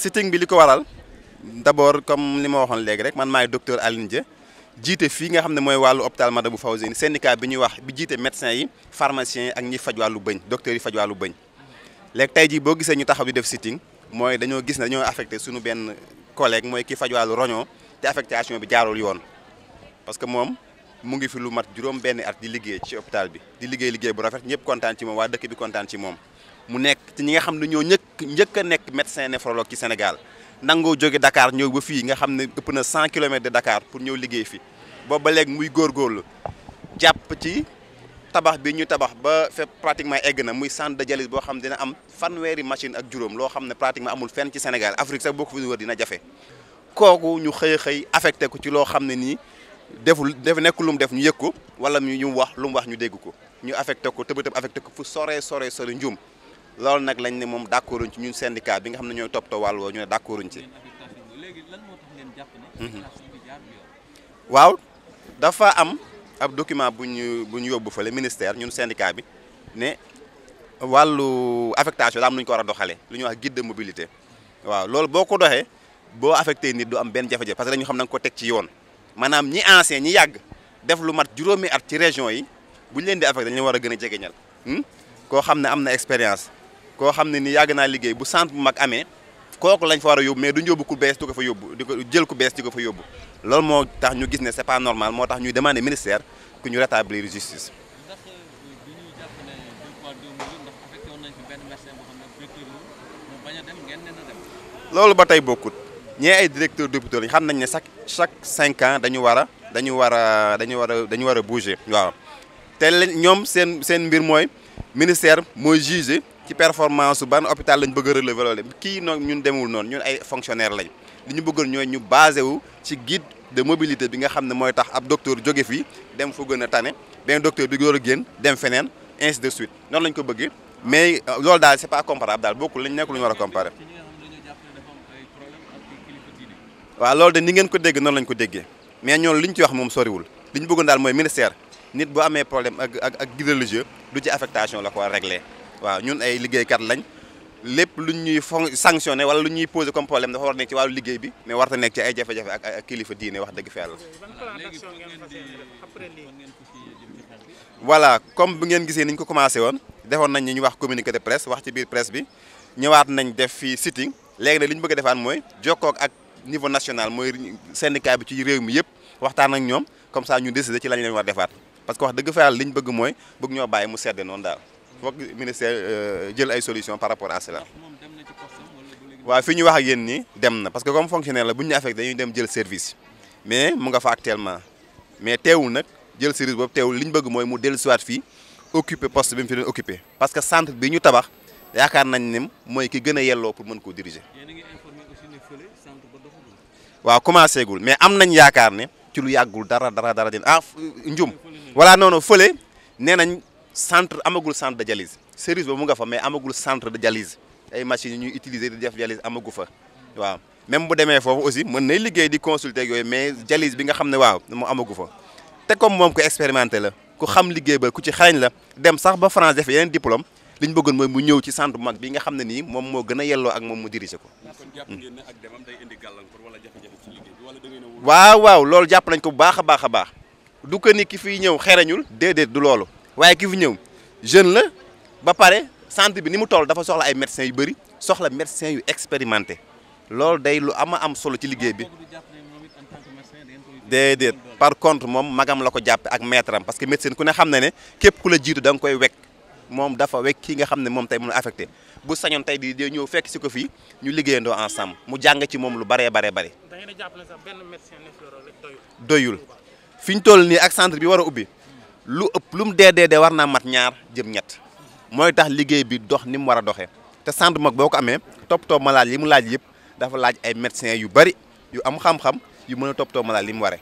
sitting bi li ko waral d'abord comme li ma waxoon léegi rek man maay docteur Alioune Dia jiite fii nga xam ne mooy wàllu hôpital Madabou Fawzeyni syndicat bi ñuy wax bi jiite médecins yi pharmaciens ak ñi faj wàllu bëñ docteurs yi faj wàllu bëñ léegi tey jii boo gisee ñu taxaw di def sitting mooy dañoo gis ne dañoo affecté suñu benn collègue mooy ki faj wàllu roñoo te affectation bi jaarul yoon parce que moom mu ngi fi lu mat juróom benn at di liggéey ci hôpital bi di liggéey liggéey bu rafet ñëpp kontaan waa dëkk bi kontaan ci moom mu nekk ci ñi nga xam ne ñoo ñëkk njëkk a nekk médecin néphrologue ci Sénégal nangoo jóge dakaar ñëw ba fii nga xam ne ëpp na 100 kilomètres de Dakar pour ñëw liggéey fi boobu ba léegi muy góorgóorlu jàpp ci tabax bi ñu tabax ba fépp pratiquement egg na muy centre de dialyse boo xam ne dina am fanweeri machine ak juróom loo xam ne pratiquement amul fenn ci Sénégal Afrique sax boo ko fi wër dina jafe kooku ñu xëy xëy affecté ko ci loo xam ne nii deful def nekkul lu mu def ñu yëg ko wala ñu wax lu mu wax ñu dégg ko ñu affecté ko tëb tëb affecté ko fu sore sore sore njum loolu nag lañ ne moom d'accorduñ ci ñun syndicat bi nga xam ne ñooy toppatoo wàll woowu ñu ne d'accorduñ ci. Mhm. waaw dafa am ab document bu ñu bu ñu yóbbu fële ministère ñun syndicat bi ne wàllu affectation daa am nu ñu ko war a doxalee lu ñu wax guide de mobilité waaw loolu boo ko doxee boo affecté nit du am benn jafe-jafe parce que dañu xam na nga ko teg ci yoon maanaam ñi ancien ñi yàgg def lu mat juróomi at ci région yi bu ñu leen di affecté dañu war a gën a jegeñal hmm? koo xam ne am na expérience. koo xam ne ni yàgg naa liggéey bu centre bu mag amee kooku lañ fa war a yóbbu mais du yóbbu ku bees di ko fa yóbbu di ko jël ku bees di ko fa yóbbu loolu moo tax ñu gis ne c'est pas normal moo tax ñuy demander ministère ñu rétablir justice. loolu ba tey bokkut ñee ay directeur d'hôpital yi xam nañ ne chaque chaque cinq ans dañu war a dañu war a dañu war a dañu war a bouger waaw te ñoom seen seen mbir mooy ministère mooy juger. ci performance ban hôpital lañ bëgg a relever kii noonu ñun demul noonu ñun ay fonctionnaire lañ li ñu bëggoon ñu basé wu ci guide de bi nga xam ne mooy tax ab docteur jóge fii dem fu gën a tane benn docteur bi door a génn dem feneen ainsi de suite noonu lañ ko bëggee mais euh, loolu daal c'est pas daal bokkul lañ nekk ñu war a comparer waaw loolu de ni ngeen ko dégg noonu lañ ko déggee mais ñoo li ñu ci wax moom soriwul li ñu bëggoon daal mooy ministère nit bu amee problème ak ak ak guide du ci affectation la ko war a régler waaw ñun ay liggéeykat lañ lépp lu ñuy sanctionné wala lu ñuy posé comme problème dafa war nekk ci wàllu liggéey bi mais warta nekk ci ay jafe-jafe ak kilifa diine wax dëgg fa yàlla voilà comme bu ngeen gisee ni ko commencé woon defoon nañ ñu ñu wax communiqué de presse wax ci biir presse bi ñëwaat fii sitting léegi nag li ñu bëgg defaat mooy jokkoog ak niveau national mooy syndicat bi ci réew waxtaan ak ñoom comme ñu ci lañ leen war defaat parce que wax li ñu bëgg mooy bëgg ñoo bàyyi mu sedd noonu daal foog ministère euh, jël ay solution par rapport a cela waaw fi ñu wax ak yéen ni dem na parce que comme fonctionnaire la bu ñu affecté dañuy dem jël service mais mu nga fa actuellement mais teewul nag jël service boobu teewul li ñu bëgg mooy mu dellu siwaat fi occuper post bi mu fi doon occuper parce que centre bi ñu tabax yaakaar nañ ne mooy ki gën a yelloo pour mën koo diriger. waaw commencé gul mais am nañ yaakaar ne ci lu yàggul dara dara dara dina ah njum. voilà noonu centre amagul centre de dialyse service ba mu nga fa mais amagul centre de dialyse ay machines yu ñuy utiliser di def dialyse amagu fa waaw même bu demee foofu aussi mën nay liggéey di consulter ak yooyu mais dialyse bi nga xam ne waaw mu amagu fa te comme moom ko expérimenté la ku xam liggéey ba ku ci xarañ la dem sax ba France def yeneen diplôme li ñu bëggoon mooy mu ñëw ci centre bu mag bi nga xam ne nii moom moo gën a yelloo ak moom mu diriger ko. kon jàpp ngeen ne ak demam day indi gàllankoor wala jafe-jafe wala da ngeen a. waaw waaw jàpp nañ ko bu baax a baax a baax du ko ni ki fiy ñëw xereñul déedéet du loolu waaye kii fi ñëw jeune la ba pare santé bi ni mu toll dafa soxla ay médecins yu bëri soxla médecins yu expérimenté loolu day lu ama am solo ci liggéey bi déedéet par contre moom magam la ko jàpp ak maître am parce que médecine ku ne xam ne ne képp ku la jiitu danga koy wekk moom dafa wekk ki nga xam ne moom tey mun a affecté bu sañoon tey di ñëw fekk si ko fii ñu liggéeyandoo ensemble mu jàng ci moom lu baree bare bare doyul fi ñu toll nii ak centre bi war a ubbi lu ëpp lu mu dee dee dee war naa mat ñaar jëm ñett mooy tax liggéey bi dox ni mu war a doxee te centre mag boo ko amee toppatoo malade yi mu laaj yëpp dafa laaj ay médecins yu bari yu am xam-xam yu mën a toppatoo malade yi mu ware